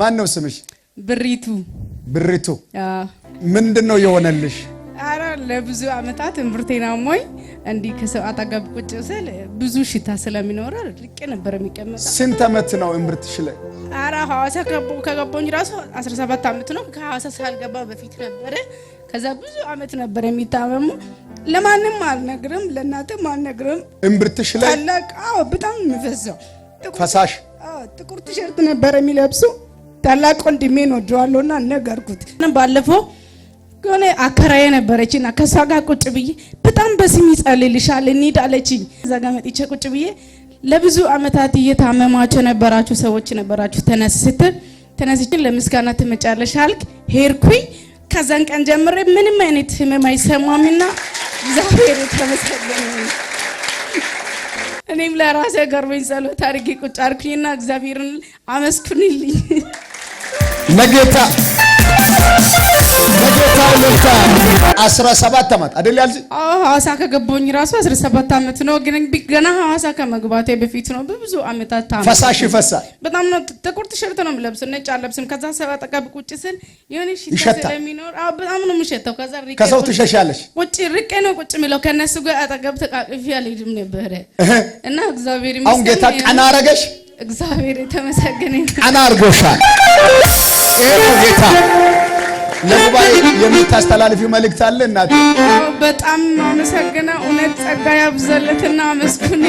ማን ነው ስምሽ? ብሪቱ። ብሪቱ ምንድን ነው የሆነልሽ? አረ ለብዙ አመታት እምብርቴን አሞኝ እንዲህ ከሰው አጠገብ ቁጭ ስል ብዙ ሽታ ስለሚኖረ ልቄ ነበር የሚቀመጥ። ስንት አመት ነው እምብርትሽ ላይ? አረ ሐዋሳ ከገባኝ ራሱ 17 አመት ነው። ከሐዋሳ ሳልገባ በፊት ነበረ። ከዛ ብዙ አመት ነበር የሚታመሙ። ለማንም አልነግርም፣ ለእናትም አልነግርም። እምብርትሽ ላይ ታላቅ በጣም የሚፈሰው ፈሳሽ ጥቁር ቲሸርት ነበር የሚለብሱ ታላቅ ወንድሜን ወደዋለሁና ነገርኩት። ባለፈው የሆነ አከራዬ ነበረችና ከእሷ ጋር ቁጭ ብዬ በጣም በስም ይጸልልሻል እንሂድ አለችኝ። እዛ ጋር መጥቼ ቁጭ ብዬ ለብዙ አመታት እየታመማችሁ የነበራችሁ ሰዎች ነበራችሁ፣ ተነስ ስትል ተነስችን ለምስጋና ትመጫለሽ አልክ። ሄድኩኝ። ከዛን ቀን ጀምሬ ምንም አይነት ህመም አይሰማምና እግዚአብሔር የተመሰገነ። እኔም ለራሴ ገርበኝ ጸሎት አድርጌ ቁጭ አልኩኝና እግዚአብሔርን አመስኩንልኝ። ለጌታ ለጌታ ለጌታ 17 ዓመት አይደል ያልሽ? አዎ ሐዋሳ ከገባሁኝ ራሱ 17 ዓመት ነው። ግን ገና ሐዋሳ ከመግባቴ በፊት ነው። በብዙ ዓመታት ታመ ፈሳሽ ይፈሳል። በጣም ነው። ጥቁር ቲሸርት ነው ነጭ አለብስም። ከዛ ሰባ ጠቀብ ቁጭ ስል የሆነ ሽታ ስለሚኖር አዎ በጣም ነው የምሸተው። ከዛ ከሰው ትሸሻለሽ። ቁጭ ርቄ ነው ቁጭ የሚለው ከነሱ ጋር አጠገብ ተቃቅፌ አልሄድም ነበረ እና እግዚአብሔር ይመስገን አሁን ጌታ ቀና አረገሽ። እግዚአብሔር የተመሰገነ ቀና አድርጎሻል። ይሄ ጌታ ለጉባኤ የምታስተላልፊው መልእክት አለ እናቴ። በጣም አመሰግና እውነት ጸጋ ያብዛለትና አመስግኑ።